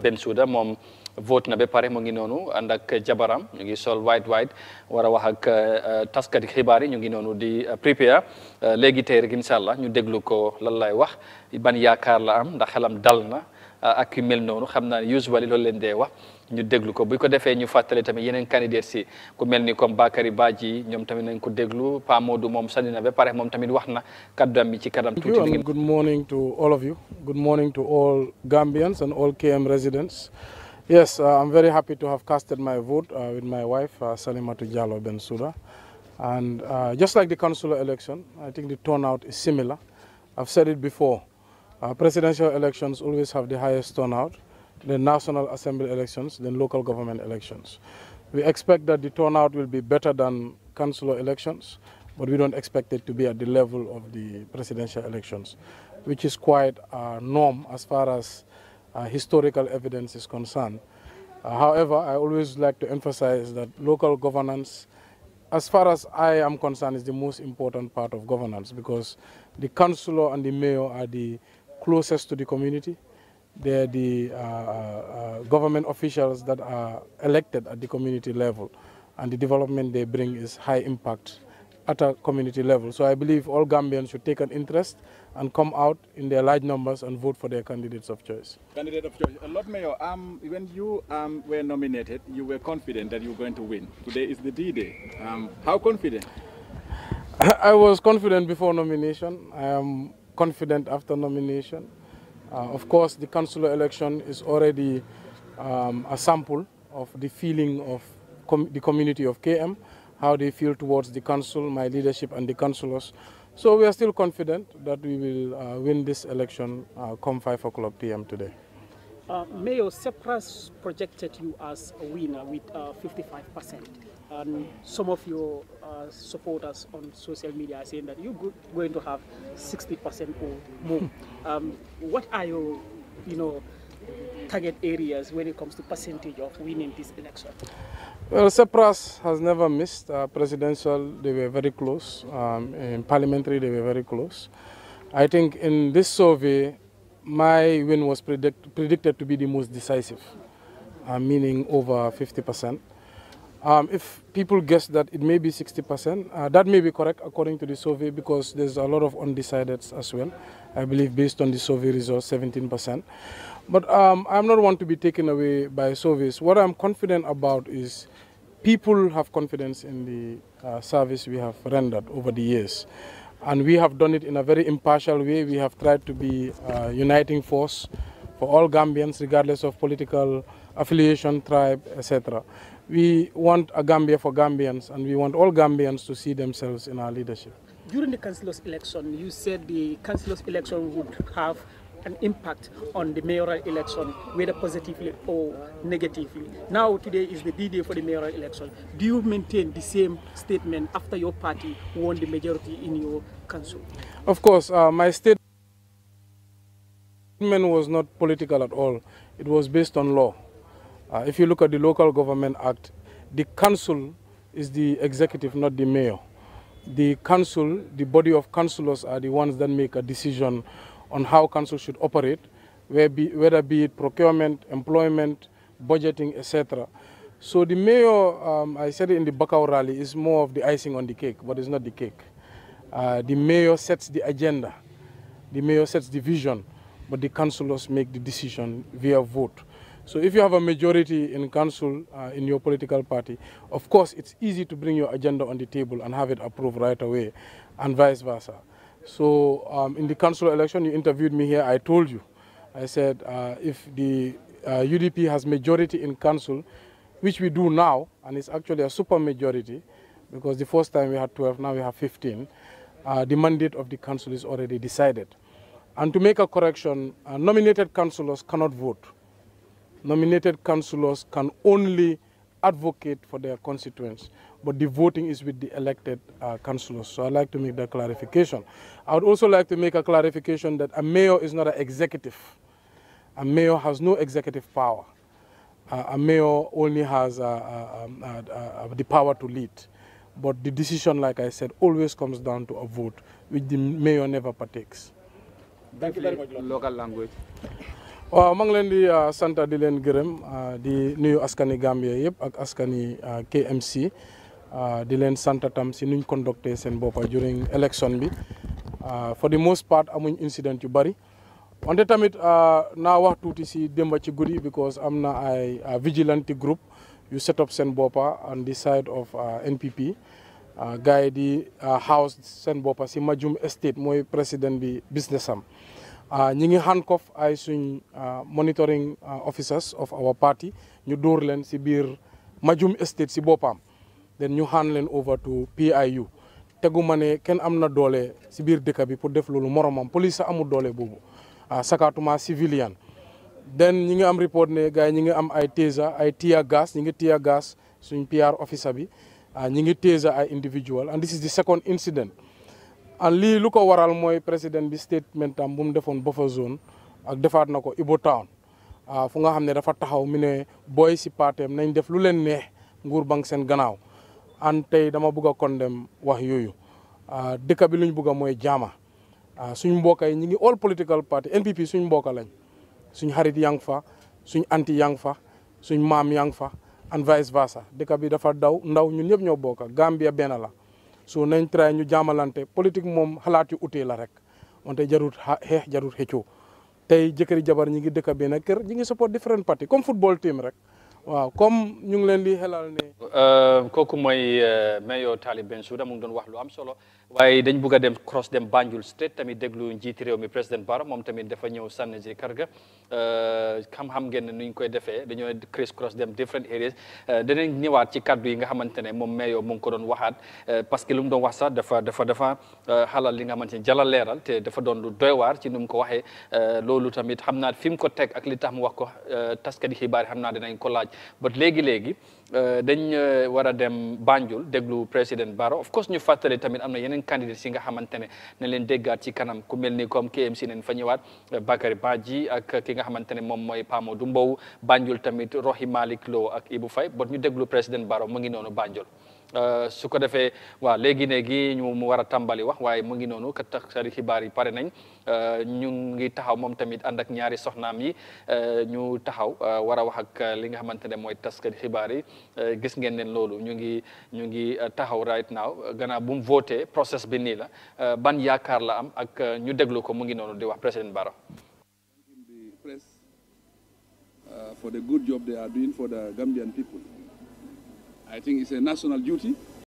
Bensouda moom vote na ba pare mu ngi noonu ànd ak jabaram ñu ngi sol white white war a wax ak euh, taskati xibaar yi ñu ngi noonu di euh, prépare euh, léegi tey rek incha ñu déglu ko lan lay wax ban yaakaar la am ndax xelam dal na ah, ak yu mel noonu xam naa usually loolu leen dee wax ñu déglu ko bu ko defee ñu fàttali tamit yeneen si ku mel ni comme Bakary Badji ñoom tamit nañ ko déglu Modou moom sànni na ba pare moom tamit wax na bi ci kanam tuuti good morning to all of you good morning to all Gambians and all KM residents yes uh, I'm very happy to have casted my vote uh, with my wife uh, Salimatu Jallow Bensouda and just like the councillor election I think the turnout is similar I've said it before uh, presidential elections always have the highest turnout, The national assembly elections, then local government elections. We expect that the turnout will be better than councillor elections, but we don't expect it to be at the level of the presidential elections, which is quite a norm as far as uh, historical evidence is concerned. Uh, however, I always like to emphasize that local governance, as far as I am concerned, is the most important part of governance because the councillor and the mayor are the closest to the community. They're the uh, uh, uh, government officials that are elected at the community level, and the development they bring is high impact at a community level. So I believe all Gambians should take an interest and come out in their large numbers and vote for their candidates of choice. Candidate of choice. Uh, Lord Mayor, um, when you um, were nominated, you were confident that you were going to win. Today is the D-Day. Um, how confident? I was confident before nomination. I am confident after nomination. Uh, of course, the councillor election is already um, a sample of the feeling of com the community of KM, how they feel towards the council, my leadership and the councillors. So we are still confident that we will uh, win this election uh, come 5 o'clock p.m. today. Uh, Mayor, Sepras projected you as a winner with 55%. Uh, and some of your uh, supporters on social media are saying that you're going to have 60% or more. Hmm. um, what are your, you know, target areas when it comes to percentage of winning this election? Well, Sepras has never missed. Uh, presidential, they were very close. Um, in parliamentary, they were very close. I think in this survey, my win was predict, predicted to be the most decisive, uh, meaning over 50%. Um, if people guess that it may be 60%, uh, that may be correct according to the survey because there's a lot of undecideds as well. I believe based on the survey results, 17%. But um, I'm not one to be taken away by surveys. What I'm confident about is people have confidence in the uh, service we have rendered over the years. And we have done it in a very impartial way. We have tried to be a uh, uniting force for all Gambians, regardless of political affiliation, tribe, etc. We want a Gambia for Gambians, and we want all Gambians to see themselves in our leadership. During the councillors' election, you said the councillors' election would have an impact on the mayoral election, whether positively or negatively. Now today is the D-Day for the mayoral election. Do you maintain the same statement after your party won the majority in your council? Of course, uh, my statement was not political at all. It was based on law. Uh, if you look at the Local Government Act, the council is the executive, not the mayor. The council, the body of councillors are the ones that make a decision on how council should operate, whether be it procurement, employment, budgeting, etc. So the mayor, um, I said it in the Bacau rally, is more of the icing on the cake, but it's not the cake. Uh, the mayor sets the agenda, the mayor sets the vision, but the councillors make the decision via vote. So if you have a majority in council uh, in your political party, of course it's easy to bring your agenda on the table and have it approved right away, and vice versa. So um, in the council election, you interviewed me here. I told you, I said uh, if the uh, UDP has majority in council, which we do now, and it's actually a super majority, because the first time we had 12, now we have 15. Uh, the mandate of the council is already decided. And to make a correction, uh, nominated councillors cannot vote. Nominated councillors can only advocate for their constituents but the voting is with the elected uh, councillors. So I'd like to make that clarification. I would also like to make a clarification that a mayor is not an executive. A mayor has no executive power. Uh, a mayor only has uh, uh, um, uh, uh, the power to lead. But the decision, like I said, always comes down to a vote, which the mayor never partakes. Thank you very much. Local language. waaw maa ngi Santa di sant di leen gërëm askani Gambia KMC Ah, di leen santatam si nuñ conducté seen boppa during election bi ah, for the most part amuñ incident yu bari onte tamit ah, naa wax tuuti si démba ci guddi because amna na ay vigilante group you set up seen boppa on the side of npp gars yi di house seen boppa si majum estate moy président bi businessam ñi ngi handcof ay suñ monitoring officers of our party ñu dóor leen si biir majum estate si boppaam then ñu hand leen over to PIU tegu ma ne kenn am na doole si biir dëkk bi pour def lu lu moromam police sax amul doole boobu ah sakaatuma civilian den ñi ngi am report ne gars yi ñi ngi am ay taser ay tear gas ñi ngi tear gas suñ PR officer bi ah, ñi ngi taser ay individual and this is the second incident and lii lu ko waral mooy président bi statement am bu mu defoon buffer zone ak defaat na ko Ibo Town ah, fu nga xam ne dafa taxaw mu ne booy si paateem nañ def lu leen neex nguur bank seen gannaaw an tey dama bugg a condemn wax yooyu ah, dëkk bi lu ñu a mooy jaama ah, suñ mbokk yi ñu ngi all political party NPP suñ mbokk lañ suñ xarit yaa fa suñ anti yaa fa suñ maam yaa ngi fa and vice versa dëkk bi dafa daw ndaw ñun ñëpp ñoo bokk Gambia benn la so nañ try ñu jaamalante politique moom xalaat yu la rek wante jarut xeex jarut xëccoo tey jëkkëri jabar ñi ngi dëkk benn kër ñi ngi support different party comme football team rek waaw comme ñu ngi leen di xelal ne. Euh, kooku mooy euh, mayor Talib Bensouda mu ngi doon wax lu am solo waaye dañ bugg dem cross dem Banjul State tamit déglu njiiti réew mi président Barrow moom tamit dafa ñëw sànni si karga euh, xam-xam ngeen ne nuñ koy defee dañoo criss cross dem different danañ ñëwaat ci kaddu yi nga xamante ne moom mayor mu ngi ko doon waxaat parce que lu mu doon wax sax dafa dafa dafa xalal li nga xamante ne jala leeral te dafa doon lu doy waar ci nu mu ko waxee loolu tamit xam naa fi mu ko teg ak li tax mu wax ko taskati xibaar yi xam naa dinañ ko laaj. but léegi léegi euh, dañ euh, war a dem Banjul déglu président Barrow of course ñu fàttali tamit am na yeneen candidats yi nga xamante ne leen déggat ci kanam ku mel ni comme KMC nañ fa ñëwaat euh, Bakary Badji ak ki nga xamante ne moom mooy du Mbow Banjul tamit Rohey Malick Lowe ak Ibou fay but ñu déglu président Barrow mu ngi noonu banjol Uh, su ko defee waaw léegi néegi ñu mu war a tàmbali wax waaye mu uh, ngi noonu ka tax sari xibaar yi pare nañ ñu ngi taxaw moom tamit ànd ak ñaari soxnaam yi ñu taxaw war wax ak li nga xamante ne taskari xibaar yi gis ngeen leen loolu ñu ngi ñu uh, ngi taxaw right now gannaaw bu mu voté process bi nii la ban yaakaar la am ak ñu déglu ko mu ngi noonu di wax président Baro. for the good job they are doing for the Gambian people. I think it's a national duty